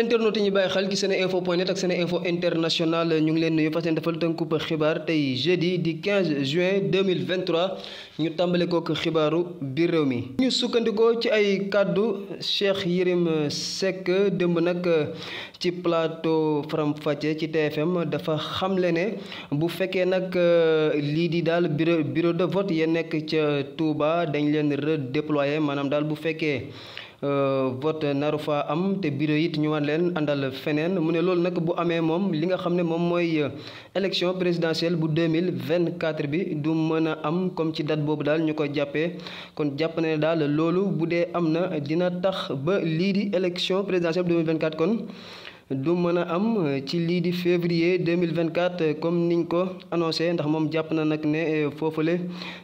internet yi ñu bàyyi xel ci seen info point net ak seen info international ñu ngi leen nuyu fas yéen defal tënkub xibaar tey jeudi di 15 juin 2023 ñu tàmbale kook xibaaru biir réew mi. ñu sukkandikoo ci ay kàddu Cheikh Yérim Seck démb nag ci plateau Faram Facce ci TFM dafa xamle ne bu fekkee nag euh, lii di daal bureau bureau de vote ya nekk ca Touba dañ leen déployer maanaam daal bu fekkee. Euh, vote naru fa am te bureau it ñu war leen àndal feneen mu ne loolu nag bu amee moom li nga xam ne moom mooy euh, élection présidentielle bu deux mille vingt quatre bi du mën a am comme ci date boobu daal ñu ko jàppee kon jàpp ne daal loolu bu dee am na dina tax ba lii di élection présidentielle bu deux mille vingt quatre kon. du mën a am euh, ci lii di deux mille vingt quatre euh, comme niñ ko annoncé ndax moom jàpp na nag ne foofu euh, foofule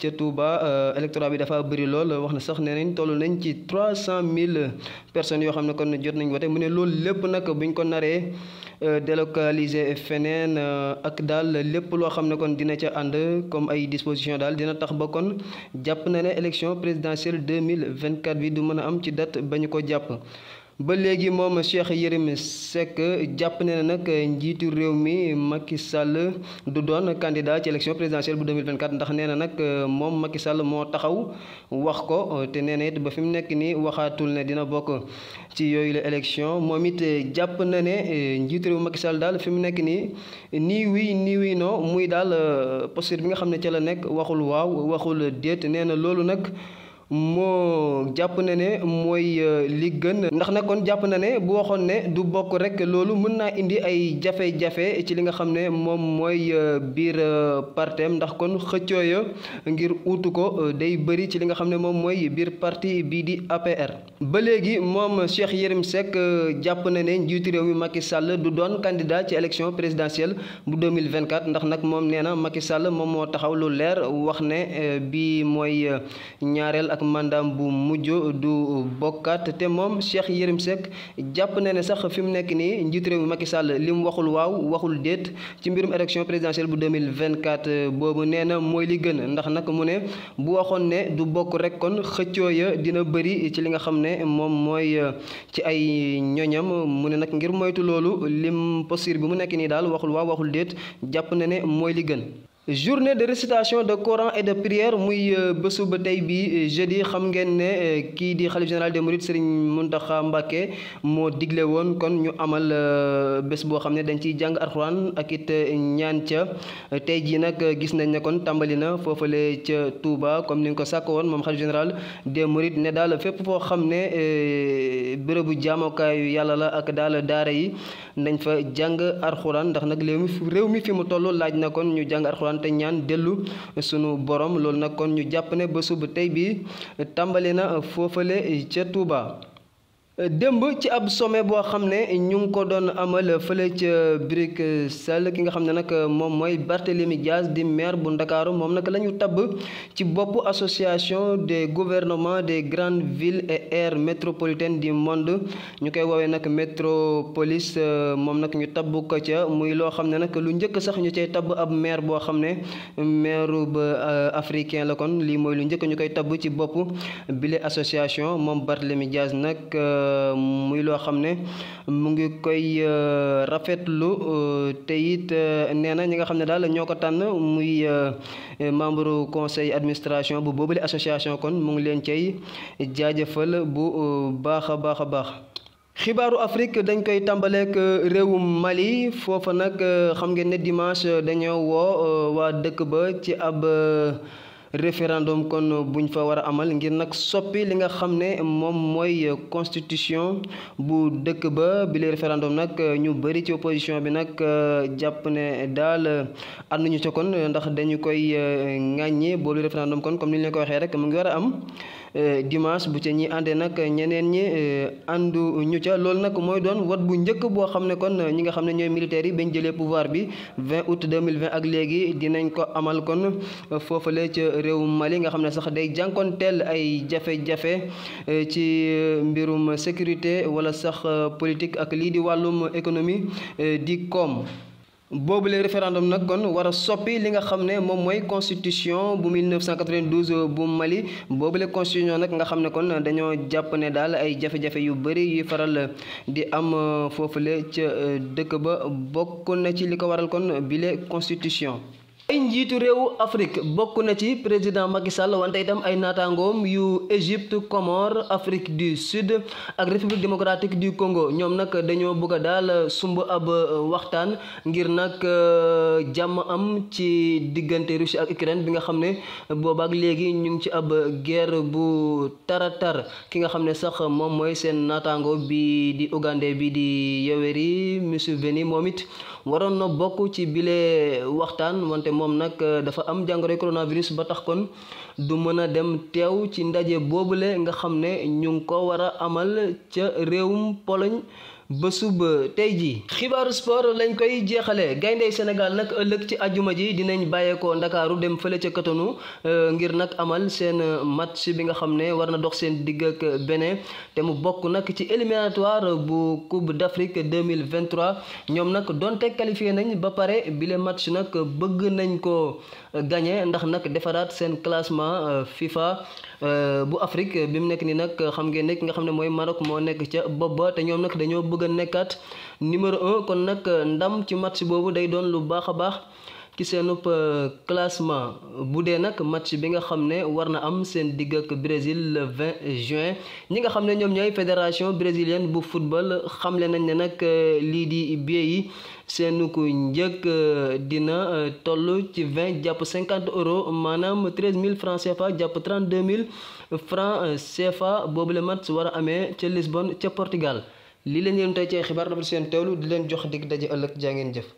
ca Touba électorat bi dafa bëri lool wax na sax ne nañ toll nañ ci trois cent mille personnes yoo xam ne kon jot nañ wote mu ne loolu lépp nag buñ ko naree délocaliser feneen ak daal lépp loo xam ne kon dina ca ànd comme ay disposition daal dina tax ba kon jàpp na ne élection présidentielle 2024 bi du mën a am ci date ba ñu ko jàpp ba léegi moom Cheikh Yérim Seck jàpp na ne nag njiitu réew mi Macky Sall du doon candidat ci élection présidentielle bu 2024 ndax nee na nag euh, moom Macky Sall moo taxaw wax ko euh, te nee na it ba fi mu nekk nii waxaatul ne dina bokk ci yooyu la élection moom it euh, jàpp na ne njiitu réew Macky Sall daal fi mu nekk nii nii wii nii wii noo muy daal posture bi nga xam ne ca la nekk waxul waaw waxul déet nee na loolu nag moo jàpp na ne mooy euh, li gën ndax nag kon jàpp na ne bu waxoon ne du bokk rek loolu mën naa indi ay jafe-jafe ci li nga xam ne moom mooy euh, biir euh, partem ndax kon xëccoo ya ngir uutu ko day bëri ci li nga xam ne moom mooy biir parti bii di APR ba léegi moom Cheikh Yérim Seck jàpp na ne njiitu réew mi Macky Sall du doon candidat ci élection présidentielle bu 2024 ndax nag moom nee na Macky Sall moom moo taxaw lu leer wax ne bi mooy ñaareel ak mandaam bu mujj du bokkat te moom Cheikh Yérim Seck jàpp na ne sax fi mu nekk nii njiitu réew mi Macky Sall li mu waxul waaw waxul déet ci mbirum élection présidentielle bu 2024 boobu nee na mooy li gën ndax nag mu ne bu waxoon ne du bokk rek kon xëccoo ya dina bëri ci li nga xam ne moom mooy ci ay ñoñam mu ne nag ngir moytu loolu lim posture bi mu nekk nii daal waxul waaw waxul déet jàpp na ne mooy li gën journée de récitation de Coran et de prière muy euh, bésu ba tey bi euh, jeudi xam ngeen ne euh, kii di xalif général des mourides Serigne Mountakha Mbacké moo digle woon kon ñu amal bés boo xam ne dañ ciy jàng alxuraan ak it ñaan tey jii nag gis nañ ne kon tàmbali na foofale ca Touba comme ni nga ko sàkk woon moom xalif général des mourides ne daal fépp foo xam ne bérébu jaamukaayu yàlla la ak daal daara yi nañ fa jàng alxuraan ndax nag réew mi réew mi fi mu toll laaj na kon ñu jàng alxuraan wante ñaan dellu sunu borom loolu nag kon ñu jàpp ne ba suba tey bii tàmbali na foofale ca Touba démb ci ab sommet boo xam ne ñu ngi ko doon amal fële ca Bruxelles ki nga xam ne nag moom mooy Barthélemy Dias di maire bu Ndakaaru moom nag la ñu tabb ci boppu association des gouvernements des grandes ville et aires métropolitaines di monde ñu koy woowee nag Metropolis moom nag ñu tabb ko ca muy loo xam ne nag lu njëkk sax ñu cay tabb ab maire boo xam ne maire ba euh, africain la kon lii mooy lu njëkk ñu koy tabb ci bopp bile association moom Barthélemy Euh, muy loo xam ne mu ngi koy euh, rafetlu euh, te it nee na ñi nga xam ne daal ñoo ko tànn muy membre conseil administration bu boobule association kon mu ngi leen cay jaajëfal bu baax a baax a baax. xibaaru Afrique dañ koy tàmbaleek réewum Mali foofa nag xam nga ne dimanche dañoo woo waa dëkk ba ci ab. référendum kon bu ñu fa war a amal ngir nag soppi li nga xam ne moom mooy constitution bu dëkk ba bi le référendum nag ñu bëri ci opposition bi nag euh, jàpp ne daal nañu ca kon ndax dañu koy euh, ŋàññi boolu référendum kon comme ni ñu leen ko waxee rek mu ngi war a am Euh, dimanche bu ca ñi àndee nag ñeneen ñi euh, àndu ñu ca loolu nag mooy doon wat bu njëkk boo xam ne kon ñi nga xam ne ñooy militaires yi bañ jëlee pouvoir bi 20 août 2020 ak léegi dinañ ko amal kon foofale ca réew Mali nga xam ne sax day jànkoonteel ay jafe-jafe euh, ci mbirum sécurité wala sax politique ak lii di wàllum économie di koom boobu boobule référendum nag kon war a soppi li nga xam ne moom mooy constitution bu 1992 bu Mali boobule constitution nag nga xam ne kon dañoo jàpp ne daal ay jafe-jafe yu bëri yuy faral di am foofu la ca euh, dëkk ba bokk na ci li ko waral kon bile constitution. ay njiitu réewu Afrique bokk na ci président Macky Sall wante itam ay naataangoom yu Égypte Comores Afrique du Sud ak République démocratique du Congo ñoom nag dañoo bëgg a daal sumb ab euh, waxtaan ngir nag euh, jàmm am ci diggante Russie ak Ukraine bi nga xam ne booba ak léegi ñu ngi ci ab guerre bu taratar ki nga xam ne sax moom mooy seen naataango bi di Ougandais bi di Yoweri Museveni moom it waroon na bokk ci bile waxtaan wante moom nag euh, dafa am jàngoro coronavirus ba tax kon du mën a dem teew ci ndaje boobule nga xam ne ñu ngi ko war a amal ca réewum Pologne ba suba tey ji xibaaru sport lañ koy jeexale gayndey Sénégal nag ëllëg ci ajuma ji dinañ bàyyeekoo ndakaaru dem fële ca Cotonou euh, ngir nag amal seen match bi nga xam ne war na dox seen digg ak Bénin te mu bokk nag ci éliminatoire bu Coupe d'Afrique 2023 ñoom nag donte qualifié nañ ba pare bile match nag bëgg nañ ko gagné ndax nag defaraat seen classement euh, FIFA euh, bu Afrique bi mu nekk ni nag xam ngeen ne ki nga xam ne mooy Maroc moo nekk ca bopp ba te ñoom nag dañoo bëgg nekkaat numéro un kon nag euh, ndam ci match boobu day doon lu baax a baax ci seenub euh, classement bu dee nag match bi nga xam ne war na am seen digg ak Brésil juin ñi nga xam ne ñoom ñooy fédération brésilienne bu football xamle nañ ne nag euh, lii di billet yi seenuku njëg dina toll ci 20 jàpp 50 euros maanaam 13000 francs CFA jàpp 32000 francs CFA boobu le match war a amee ca Lisbonne ca Portugal. li leen yéen tey ci xibaar dafa seen teewlu di leen jox dig daje ëllëg jaa ngeen jëf